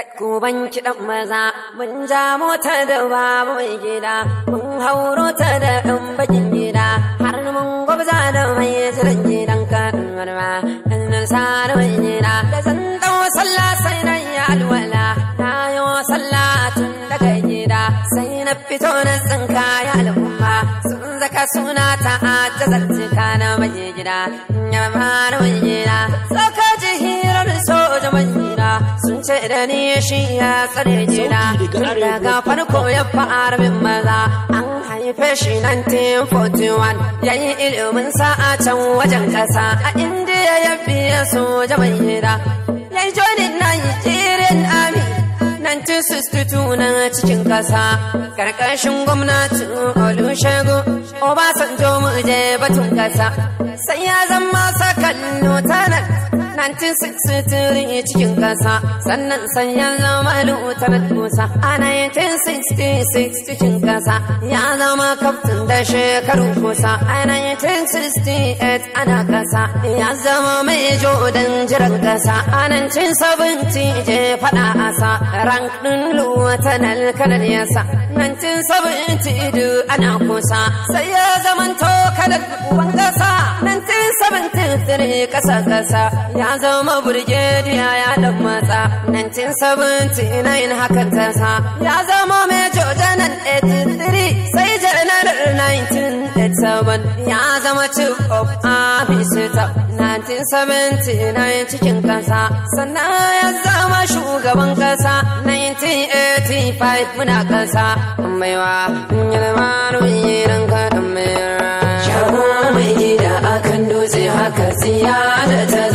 Kakku ban kiɗan maza, mun ja mota da babu mai gida, mun hauro ta da ɗan bakin gida, har mun gwabza da mai jiran gidan kaɗin marma, ɗan sa da mai gida. Da zan ɗau sallah sai na yi alwala, na yi sallah tun daga gida, sai na fito na tsinka ya al'umma, sun zaka suna ta a jazar cika na mai gida, ya ma mai gida. ce da ni shi ya tsare gida daga farko ya fa'ar min maza an haife shi 1941 ya yi ilimin sa'a can wajen ƙasa a indiya ya fiye soja mai hira ya yi jonin na yi jirin ami 1962 na cikin kasa. ƙarƙashin gwamnatin olushego obasanjo mu je batun kasa. sai ya zama sakan notanar kantin sitiri cikin kasa sannan sanyan zama lutar kusa a 1966 cikin kasa ya zama kaftin da shekaru kusa a 1968 ana kasa ya zama mai jodan jiran kasa a 1970 je fada asa rank din luwatanar kanar yasa 1970 du ana kusa sai ya zama to kalar uban kasa 1973 kasa kasa ya Ya zama burgediya ya dan matsa 1979 hakan ta Ya zama major na 83 sai janar 1987 Ya zama chief of army 1979 cikin kansa Sannan ya zama shugaban kasa 1985 muna kansa. Maiwa yalmaru ka kadan mai Shago mai gida akan dutse haka tsiya da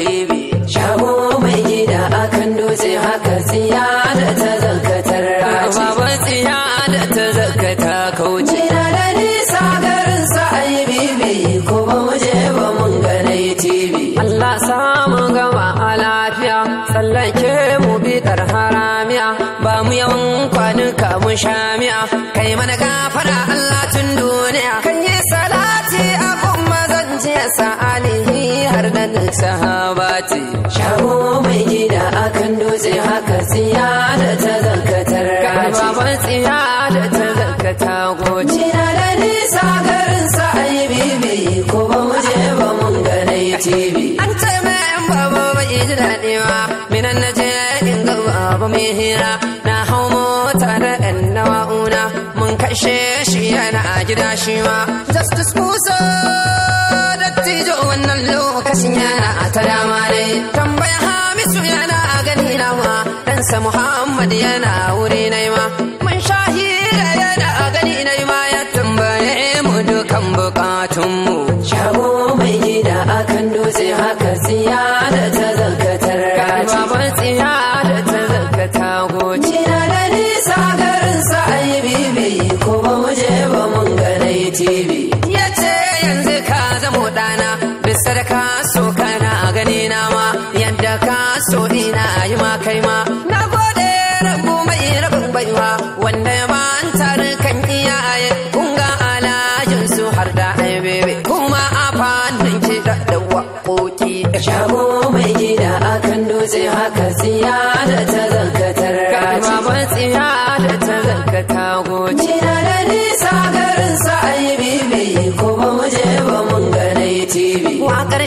TV. Shago mai gida akan dutse haka tsiya da ta zakatar raji. Ba tsiya da ta zakata kauce. Ina da nisa garin sa ayi bibi kuma mu je ba mun ganai TV. Allah samu gama a lafiya tsallake mu bitar haramiya ba mu yawan kwanuka mu shamiya kai mana gafara Allah tun duniya. sa alihi har da ce. shago mai gida a kan dutse haka tsiya da ta zakatar raji baban tsiya da ta zakata goci na da nisa garin sa ayi bibi ko ba mu ba mun ga nai an ce mai an baba ba ji dadewa minan na je in ga baba mai hira na hau mota da ɗan una. mun kashe shi yana a gida shi ma justice musa dattijo wannan lokacin yana a ta dama ne tambaya hamisu yana a gani na ma ɗansa muhammad yana wuri da ka so ina yi ma kai ma na gode rabu mai rabin baiwa wanda ya an kan iyaye kun ga alajin su har da aibebe kuma a fannin ki da waƙoƙi shago mai gida akan dutse haka tsiya da ta zankatar rati ba tsiya da ta zankata goci da nisa garin sa ko ba mu je ba mun ga TV waƙar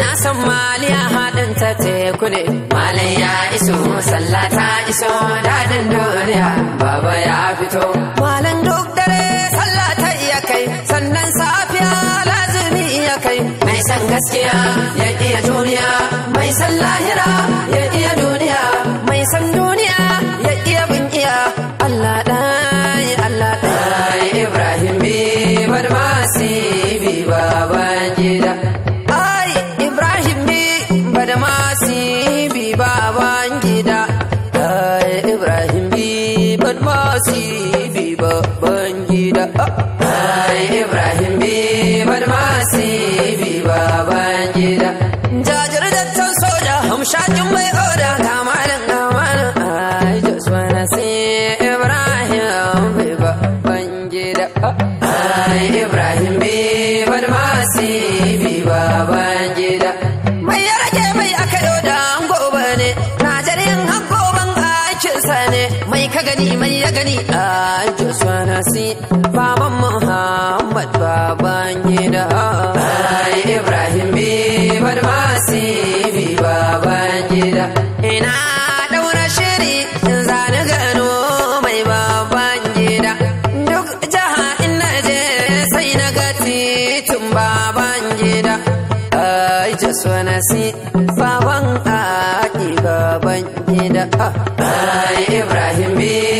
na san maliya haɗin ta teku ne malam ya iso sallah ta iso daɗin duniya baba ya fito malam duk dare sallah ta iya kai sannan safiya lazumi iya kai mai san gaskiya ya iya duniya mai san lahira ya iya duniya mai san duniya ya iya bunkiya, Allah ɗai Allah ɗai Ibrahim bi bi baban Badmasi babban gida. Ai Ibrahim bi Badmasi babban gida. Jajir dattan soja hamshakin mai oda kamalin kamalin. Ai just wanna Ibrahim bi babban gida. Ai Ibrahim gani a Joshua si baban Muhammad baban gida ai Ibrahim bi Bimar bi baban gida ina daura shiri zani gano mai baban gida duk jaha ina je sai na ga titin baban gida ai Joshua Nasi baban aki baban gida ai Ibrahim bi.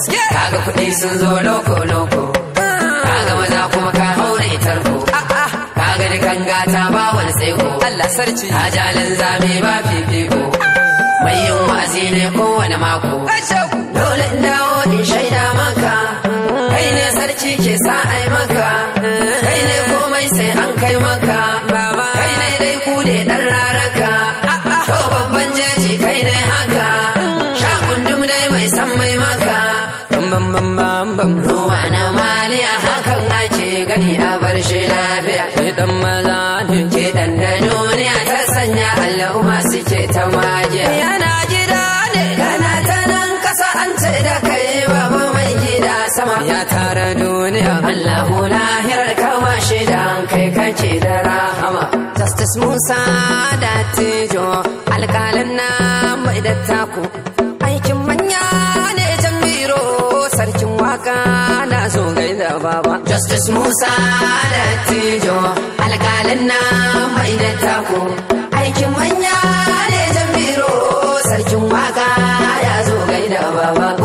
gaske kaga kuɗi sun zo loko loko kaga maza kuma ka haure tarko kaga ni kan gata ba wani tsaiko Allah sarki ajalin zame ba fifiko mai yin wa'azi ne kowane mako dole in dawo in shaida maka kai ne gani a bar shi lafiya kai dan maza ne ke duniya ta sanya al'umma suke ta magiya yana gida ne kana ta nan kasa an ce da kai baba mai gida sama ya tara duniya Allahu lahirar kama shi da an kai kake da rahama Justice Musa da Tijo alƙalin na mai da taku aikin manya ne jan biro sarkin waka so gai da baba justice musa da Tijo, alƙalin na mai da tako aikin manya ne jambiro sarkin waka ya zo gai da baba